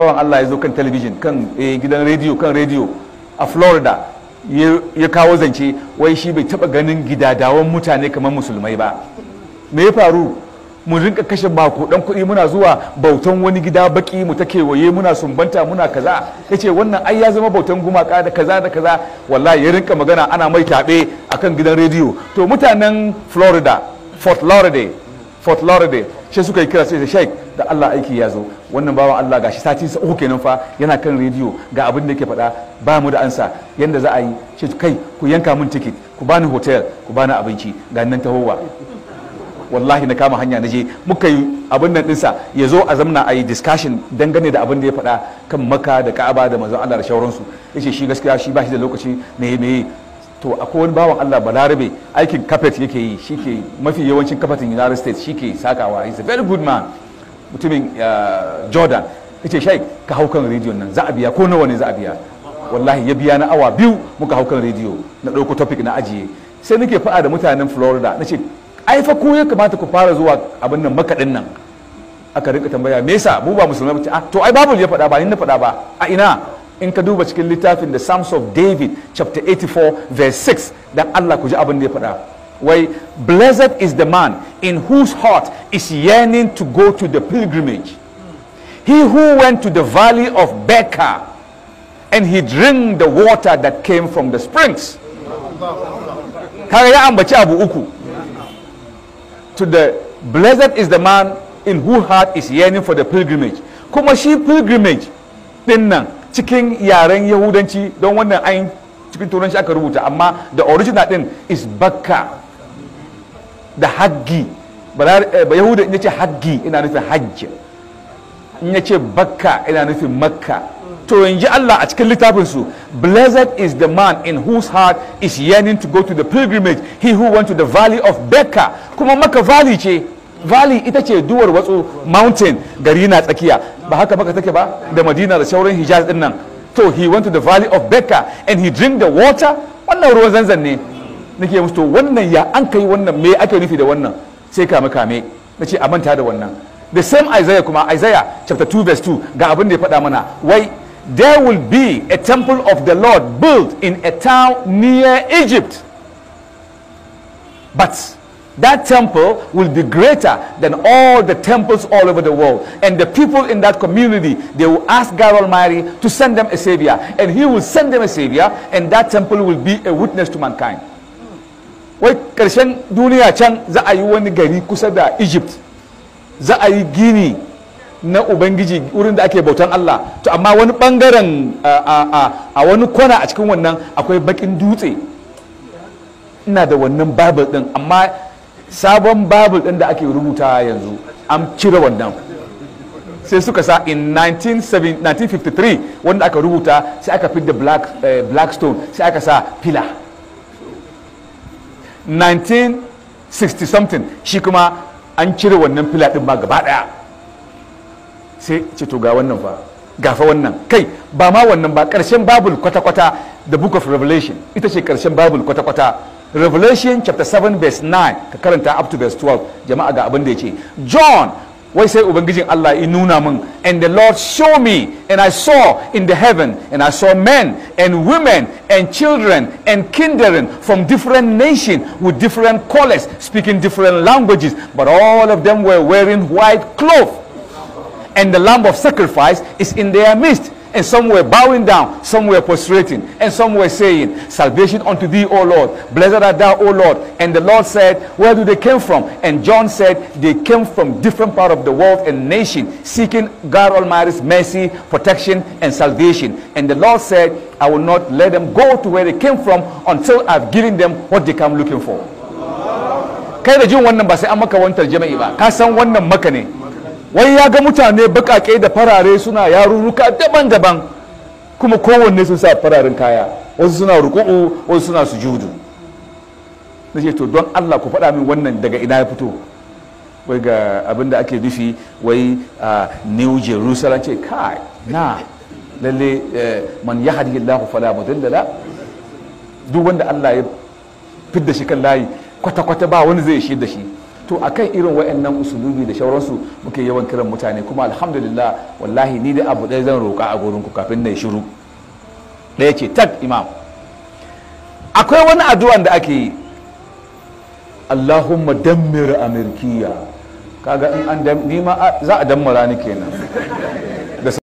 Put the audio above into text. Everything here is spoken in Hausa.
bawan Allah ya zo kan talabijin kan eh, gidan rediyo kan rediyo a Florida ya kawo zance wai shi bai taba ganin gidadawan mutane kamar musulmai ba me ya faru mu rinka kashe dan kuɗi muna zuwa bautan wani gida baki mu ta kewaye muna sumbanta muna kaza ya ce wannan ai ya zama bautan gumaka da kaza da kaza wallahi ya rinka magana ana mai taɓe akan gidan rediyo to mutanen florida fort lauderdale fort lauderdale shi suka yi kira sai da sheik da Allah aiki ya zo wannan bawan Allah gashi sati sa uku kenan fa yana kan rediyo ga abin da yake faɗa ba mu da ansa yanda za a yi shi kai ku yanka mun tikit ku bani hotel ku bani abinci ga nan tahowa wallahi na kama hanya na je muka yi abin nan dinsa ya zo a zamna a yi discussion dangane da abin da ya faɗa kan maka da ka'aba da manzon Allah da shauransu yace shi gaskiya shi ba shi da lokaci me me to akwai wani bawan Allah balarabe aikin kafet yake yi shi ke mafi yawancin kafetin united states shi ke sakawa he's a very good man mutumin uh, jordan ce shaik ka hau kan rediyon nan za a biya ko nawa ne za a biya wallahi ya biya na awa biyu muka hau kan rediyo na ɗauko topic na ajiye sai nake faɗa da mutanen florida na ce ai fa ko ya kamata ku fara zuwa abin nan makaɗin nan aka rika tambaya me yasa mu ba musulmai ba ah, to ai babu ya faɗa ba ni na faɗa ba a ina in ka duba cikin littafin the psalms of david chapter 84 verse 6 dan allah ku ji abin da ya faɗa wai blessed is the man in whose heart is yearning to go to the pilgrimage he who went to the valley of becca and he drank the water that came from the springs kare ya ambaci abu uku to the blessed is the man in whose heart is yearning for the pilgrimage kuma shi pilgrimage din nan cikin yaren yahudanci don wannan ayin cikin turanci aka rubuta amma da original din is bakka da haggi eh, ba yahuda in ya ce haggi ina nufin hajji in ya ce bakka ina nufin makka to yanzu Allah a cikin littafinsu blessed is the man in whose heart is yearning to go to the pilgrimage he who went to the valley of bakka kuma maka valley ce valley ita ce duwar watsu mountain gari na tsakiya ba haka baka take ba da madina da shauran hijaz din nan to he went to the valley of becca and he drink the water wannan ruwan zanzan ne nake musu to wannan ya an kai wannan me ake nufi da wannan sai kame kame nace a manta da wannan the same isaiah kuma isaiah chapter 2 verse 2 ga abin da ya faɗa mana wai there will be a temple of the lord built in a town near egypt but that temple will be greater than all the temples all over the world. And the people in that community, they will ask God Almighty to send them a savior. And he will send them a savior, and that temple will be a witness to mankind. Wai ƙarshen duniya can za a yi wani gari kusa da Egypt, za a yi gini na Ubangiji wurin da ake bautan Allah, to amma wani ɓangaren a wani kwana a cikin wannan akwai baƙin dutse. na da wannan Bible ɗin, amma sabon babul ɗin da ake rubuta yanzu an cire wannan sai suka sa in 1953 wanda aka rubuta sai aka fi da eh, blackstone sai aka sa pillar. 1960 something shi kuma an cire wannan pillar ɗin ba gaba ɗaya sai ce to ga wannan fa gafa wannan kai ba ma wannan ba karshen babul kwata-kwata the book of revelation ita ce karshen babul kwata-kwata revelation chapter 7 verse 9 ka karanta up to verse 12 jama'a ga abin da yake john wai sai ubangijin Allah ya nuna min and the lord show me and i saw in the heaven and i saw men and women and children and kindred from different nations with different colors speaking different languages but all of them were wearing white cloth and the lamb of sacrifice is in their midst and some were bowing down, some were prostrating, and some were saying, Salvation unto thee, O Lord, blessed art thou, O Lord. And the Lord said, Where do they come from? And John said, They came from different part of the world and nation, seeking God Almighty's mercy, protection, and salvation. And the Lord said, I will not let them go to where they came from until I've given them what they come looking for. Kai da jin wannan ba sai an maka wani ba, ka san wannan maka ne. wai ya ga mutane bakake da farare suna yarurruka daban-daban kuma kowanne sun sa fararen kaya wasu suna ruku'u wasu suna sujudu na ce to don allah ku faɗa min wannan daga ina ya fito wai ga abinda ake nufi wai a new jerusalem ce kai na lalle eh, man ya hadi allahu fala mudillala duk wanda allah ya fidda shi kan layi kwata-kwata ba wani zai shi da shi to akan irin wayannan usulubi da shauransu muke yawan kiran mutane kuma alhamdulillah wallahi ni da abu ɗaya zan roƙa a gurin ku kafin na shiru ɗaya ce tak imam akwai wani addu'an da ake yi Allahumma dammir amirkiya kaga in an ni ma za a dammara ni kenan